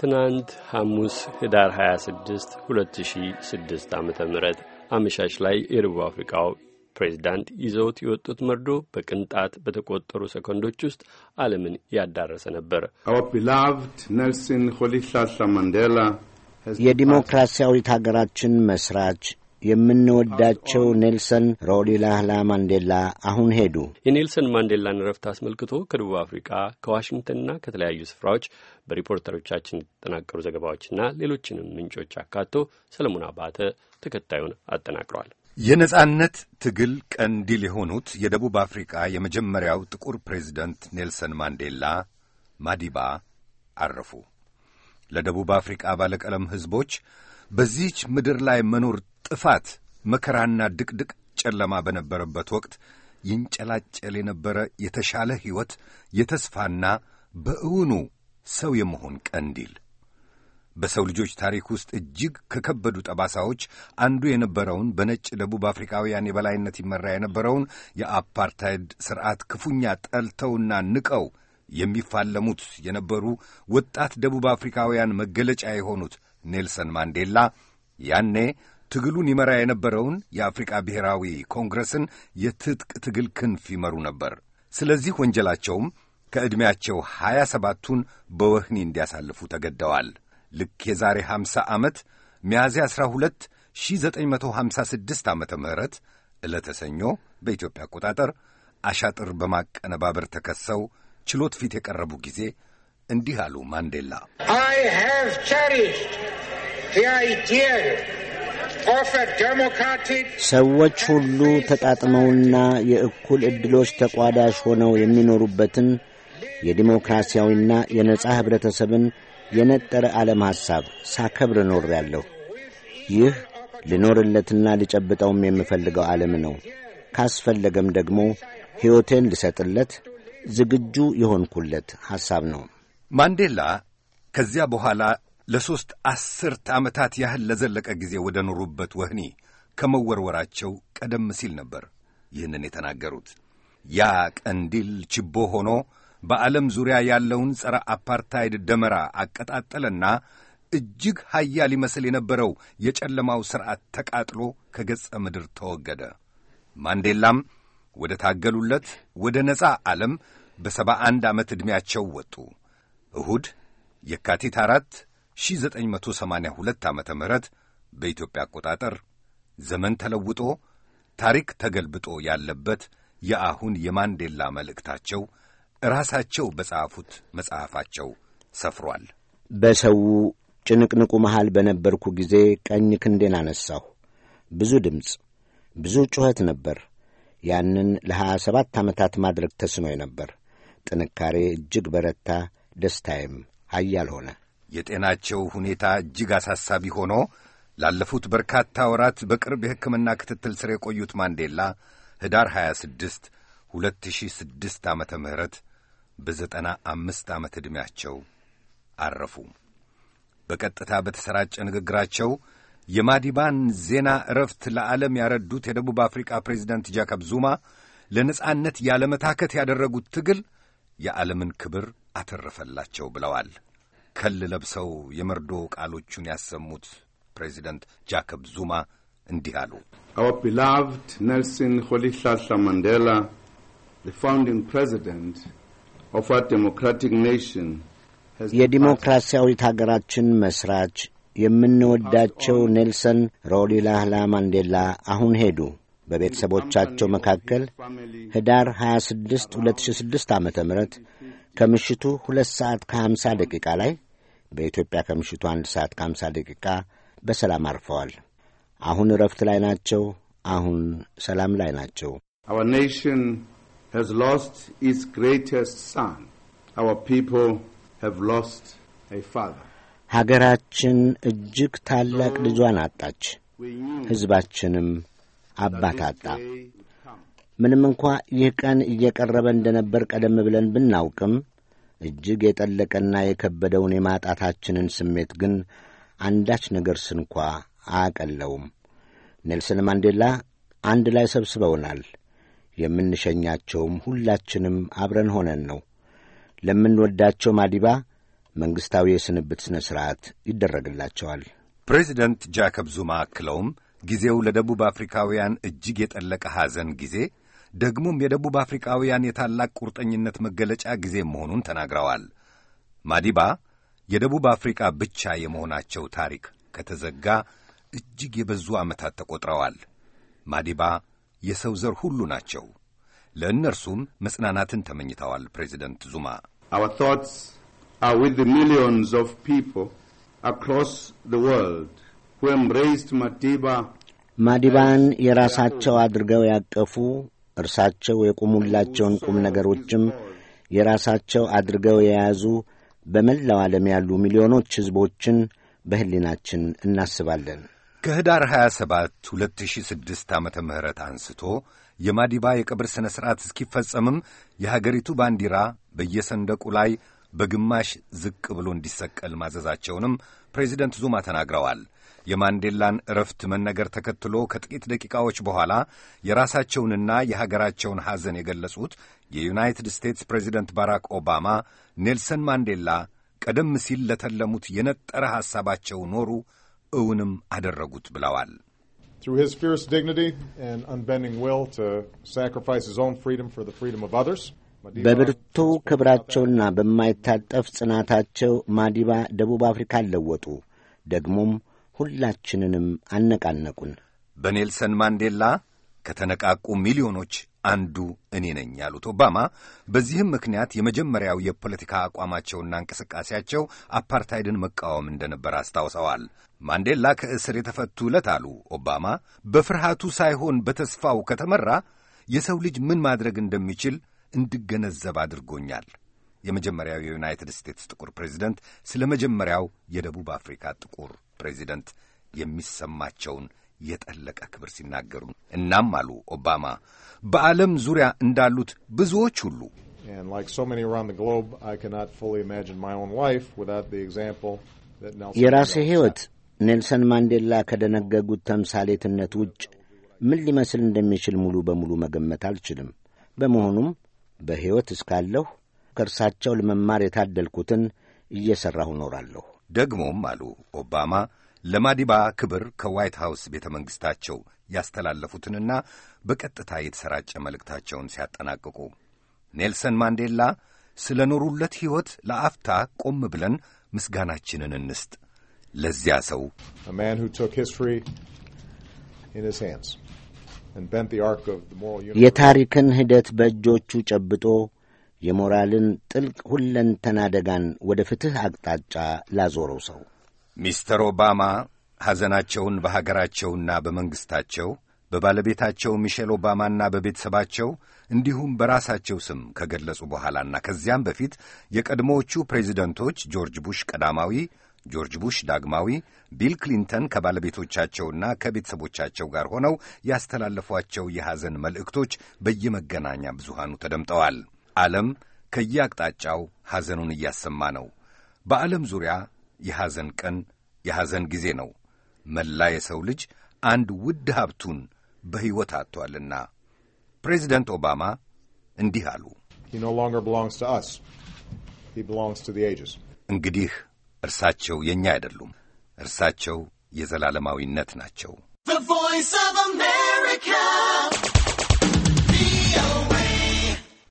ትናንት ሐሙስ ህዳር 26 2006 ዓ ም አመሻሽ ላይ የደቡብ አፍሪካው ፕሬዚዳንት ይዘውት የወጡት መርዶ በቅንጣት በተቆጠሩ ሰከንዶች ውስጥ ዓለምን ያዳረሰ ነበር። የዲሞክራሲያዊት ሀገራችን መስራች የምንወዳቸው ኔልሰን ሮሊላህላ ማንዴላ አሁን ሄዱ። የኔልሰን ማንዴላን ረፍት አስመልክቶ ከደቡብ አፍሪካ ከዋሽንግተንና ከተለያዩ ስፍራዎች በሪፖርተሮቻችን የተጠናቀሩ ዘገባዎችና ሌሎችንም ምንጮች አካቶ ሰለሞን አባተ ተከታዩን አጠናቅሯል። የነጻነት ትግል ቀንዲል የሆኑት የደቡብ አፍሪካ የመጀመሪያው ጥቁር ፕሬዚደንት ኔልሰን ማንዴላ ማዲባ አረፉ። ለደቡብ አፍሪቃ ባለቀለም ሕዝቦች በዚህች ምድር ላይ መኖር ጥፋት፣ መከራና ድቅድቅ ጨለማ በነበረበት ወቅት ይንጨላጨል የነበረ የተሻለ ሕይወት የተስፋና በእውኑ ሰው የመሆን ቀንዲል በሰው ልጆች ታሪክ ውስጥ እጅግ ከከበዱ ጠባሳዎች አንዱ የነበረውን በነጭ ደቡብ አፍሪካውያን የበላይነት ይመራ የነበረውን የአፓርታይድ ስርዓት ክፉኛ ጠልተውና ንቀው የሚፋለሙት የነበሩ ወጣት ደቡብ አፍሪካውያን መገለጫ የሆኑት ኔልሰን ማንዴላ ያኔ ትግሉን ይመራ የነበረውን የአፍሪቃ ብሔራዊ ኮንግረስን የትጥቅ ትግል ክንፍ ይመሩ ነበር። ስለዚህ ወንጀላቸውም ከዕድሜያቸው ሀያ ሰባቱን በወህኒ እንዲያሳልፉ ተገደዋል። ልክ የዛሬ ሐምሳ ዓመት ሚያዝያ ዐሥራ ሁለት ሺህ ዘጠኝ መቶ ሐምሳ ስድስት ዓመተ ምህረት ዕለተ ሰኞ በኢትዮጵያ አቆጣጠር አሻጥር በማቀነባበር ተከሰው ችሎት ፊት የቀረቡ ጊዜ እንዲህ አሉ ማንዴላ ሰዎች ሁሉ ተጣጥመውና የእኩል ዕድሎች ተቋዳሽ ሆነው የሚኖሩበትን የዲሞክራሲያዊና የነጻ ኅብረተሰብን የነጠረ ዓለም ሐሳብ ሳከብር ኖር ያለሁ ይህ ልኖርለትና ልጨብጠውም የምፈልገው ዓለም ነው። ካስፈለገም ደግሞ ሕይወቴን ልሰጥለት ዝግጁ የሆንኩለት ሐሳብ ነው። ማንዴላ ከዚያ በኋላ ለሦስት አስርት ዓመታት ያህል ለዘለቀ ጊዜ ወደ ኖሩበት ወህኒ ከመወርወራቸው ቀደም ሲል ነበር ይህንን የተናገሩት። ያ ቀንዲል ችቦ ሆኖ በዓለም ዙሪያ ያለውን ጸረ አፓርታይድ ደመራ አቀጣጠለና እጅግ ሀያ ሊመስል የነበረው የጨለማው ሥርዓት ተቃጥሎ ከገጸ ምድር ተወገደ። ማንዴላም ወደ ታገሉለት ወደ ነፃ ዓለም በሰባ አንድ ዓመት ዕድሜያቸው ወጡ። እሁድ የካቲት አራት 1982 ዓ ም በኢትዮጵያ አቆጣጠር ዘመን ተለውጦ ታሪክ ተገልብጦ ያለበት የአሁን የማንዴላ መልእክታቸው ራሳቸው በጻፉት መጽሐፋቸው ሰፍሯል። በሰው ጭንቅንቁ መሃል በነበርኩ ጊዜ ቀኝ ክንዴን አነሳሁ። ብዙ ድምፅ፣ ብዙ ጩኸት ነበር። ያንን ለሀያ ሰባት ዓመታት ማድረግ ተስኖኝ ነበር። ጥንካሬ እጅግ በረታ፣ ደስታዬም ሀያል ሆነ። የጤናቸው ሁኔታ እጅግ አሳሳቢ ሆኖ ላለፉት በርካታ ወራት በቅርብ የሕክምና ክትትል ስር የቆዩት ማንዴላ ህዳር 26 2006 ዓመተ ምህረት በዘጠና አምስት ዓመት ዕድሜያቸው አረፉ። በቀጥታ በተሰራጨ ንግግራቸው የማዲባን ዜና እረፍት ለዓለም ያረዱት የደቡብ አፍሪካ ፕሬዚደንት ጃከብ ዙማ ለነጻነት ያለመታከት ያደረጉት ትግል የዓለምን ክብር አተረፈላቸው ብለዋል። ከል ለብሰው የመርዶ ቃሎቹን ያሰሙት ፕሬዚደንት ጃከብ ዙማ እንዲህ አሉ። አወር ቢላቭድ ኔልሰን ኮሊላላ ማንዴላ ፋውንዲንግ ፕሬዚደንት ኦፍ አወር ዴሞክራቲክ ኔሽን የዲሞክራሲያዊት ሀገራችን መስራች የምንወዳቸው ኔልሰን ሮሊላህላ ማንዴላ አሁን ሄዱ። በቤተሰቦቻቸው መካከል ህዳር 26 2006 ዓ ም ከምሽቱ 2 ሰዓት ከ50 ደቂቃ ላይ በኢትዮጵያ ከምሽቱ 1 ሰዓት ከ50 ደቂቃ በሰላም አርፈዋል። አሁን እረፍት ላይ ናቸው። አሁን ሰላም ላይ ናቸው። Our nation has lost its greatest son. Our people have lost a father. ሀገራችን እጅግ ታላቅ ልጇን አጣች፣ ሕዝባችንም አባት አጣ። ምንም እንኳ ይህ ቀን እየቀረበ እንደ ነበር ቀደም ብለን ብናውቅም እጅግ የጠለቀና የከበደውን የማጣታችንን ስሜት ግን አንዳች ነገር ስንኳ አያቀለውም። ኔልሰን ማንዴላ አንድ ላይ ሰብስበውናል። የምንሸኛቸውም ሁላችንም አብረን ሆነን ነው። ለምንወዳቸው ማዲባ መንግሥታዊ የስንብት ሥነ ሥርዓት ይደረግላቸዋል። ፕሬዚደንት ጃከብ ዙማ አክለውም ጊዜው ለደቡብ አፍሪካውያን እጅግ የጠለቀ ሐዘን ጊዜ ደግሞም የደቡብ አፍሪካውያን የታላቅ ቁርጠኝነት መገለጫ ጊዜ መሆኑን ተናግረዋል። ማዲባ የደቡብ አፍሪካ ብቻ የመሆናቸው ታሪክ ከተዘጋ እጅግ የበዙ ዓመታት ተቆጥረዋል። ማዲባ የሰው ዘር ሁሉ ናቸው። ለእነርሱም መጽናናትን ተመኝተዋል ፕሬዚደንት ዙማ are with the millions of people across the world who embraced Madiba. ማዲባን የራሳቸው አድርገው ያቀፉ እርሳቸው የቆሙላቸውን ቁም ነገሮችም የራሳቸው አድርገው የያዙ በመላው ዓለም ያሉ ሚሊዮኖች ሕዝቦችን በሕሊናችን እናስባለን። ከኅዳር 27 2006 ዓመተ ምህረት አንስቶ የማዲባ የቀብር ሥነ ሥርዓት እስኪፈጸምም የሀገሪቱ ባንዲራ በየሰንደቁ ላይ በግማሽ ዝቅ ብሎ እንዲሰቀል ማዘዛቸውንም ፕሬዚደንት ዙማ ተናግረዋል። የማንዴላን እረፍት መነገር ተከትሎ ከጥቂት ደቂቃዎች በኋላ የራሳቸውንና የሀገራቸውን ሐዘን የገለጹት የዩናይትድ ስቴትስ ፕሬዚደንት ባራክ ኦባማ ኔልሰን ማንዴላ ቀደም ሲል ለተለሙት የነጠረ ሐሳባቸው ኖሩ፣ እውንም አደረጉት ብለዋል። ስ fierce dignity and unbending will to sacrifice በብርቱ ክብራቸውና በማይታጠፍ ጽናታቸው ማዲባ ደቡብ አፍሪካን ለወጡ፣ ደግሞም ሁላችንንም አነቃነቁን። በኔልሰን ማንዴላ ከተነቃቁ ሚሊዮኖች አንዱ እኔ ነኝ ያሉት ኦባማ በዚህም ምክንያት የመጀመሪያው የፖለቲካ አቋማቸውና እንቅስቃሴያቸው አፓርታይድን መቃወም እንደነበር አስታውሰዋል። ማንዴላ ከእስር የተፈቱ ዕለት አሉ ኦባማ፣ በፍርሃቱ ሳይሆን በተስፋው ከተመራ የሰው ልጅ ምን ማድረግ እንደሚችል እንድገነዘብ አድርጎኛል። የመጀመሪያው የዩናይትድ ስቴትስ ጥቁር ፕሬዚደንት ስለ መጀመሪያው የደቡብ አፍሪካ ጥቁር ፕሬዚደንት የሚሰማቸውን የጠለቀ ክብር ሲናገሩ፣ እናም አሉ ኦባማ በዓለም ዙሪያ እንዳሉት ብዙዎች ሁሉ የራሴ ሕይወት ኔልሰን ማንዴላ ከደነገጉት ተምሳሌትነት ውጭ ምን ሊመስል እንደሚችል ሙሉ በሙሉ መገመት አልችልም። በመሆኑም በሕይወት እስካለሁ ከእርሳቸው ለመማር የታደልኩትን እየሠራሁ እኖራለሁ። ደግሞም አሉ ኦባማ ለማዲባ ክብር ከዋይት ሃውስ ቤተ መንግሥታቸው ያስተላለፉትንና በቀጥታ የተሰራጨ መልእክታቸውን ሲያጠናቅቁ ኔልሰን ማንዴላ ስለ ኖሩለት ሕይወት ለአፍታ ቆም ብለን ምስጋናችንን እንስጥ ለዚያ ሰው የታሪክን ሂደት በእጆቹ ጨብጦ የሞራልን ጥልቅ ሁለንተና አደጋን ወደ ፍትሕ አቅጣጫ ላዞረው ሰው ሚስተር ኦባማ ሐዘናቸውን በሀገራቸውና በመንግሥታቸው በባለቤታቸው ሚሼል ኦባማና በቤተሰባቸው እንዲሁም በራሳቸው ስም ከገለጹ በኋላና ከዚያም በፊት የቀድሞዎቹ ፕሬዚደንቶች ጆርጅ ቡሽ ቀዳማዊ ጆርጅ ቡሽ ዳግማዊ፣ ቢል ክሊንተን ከባለቤቶቻቸውና ከቤተሰቦቻቸው ጋር ሆነው ያስተላለፏቸው የሐዘን መልእክቶች በየመገናኛ ብዙሃኑ ተደምጠዋል። ዓለም ከየአቅጣጫው ሐዘኑን እያሰማ ነው። በዓለም ዙሪያ የሐዘን ቀን፣ የሐዘን ጊዜ ነው። መላ የሰው ልጅ አንድ ውድ ሀብቱን በሕይወት አጥቷልና ፕሬዚደንት ኦባማ እንዲህ አሉ። እንግዲህ እርሳቸው የእኛ አይደሉም። እርሳቸው የዘላለማዊነት ናቸው። ቮይስ ኦፍ አሜሪካ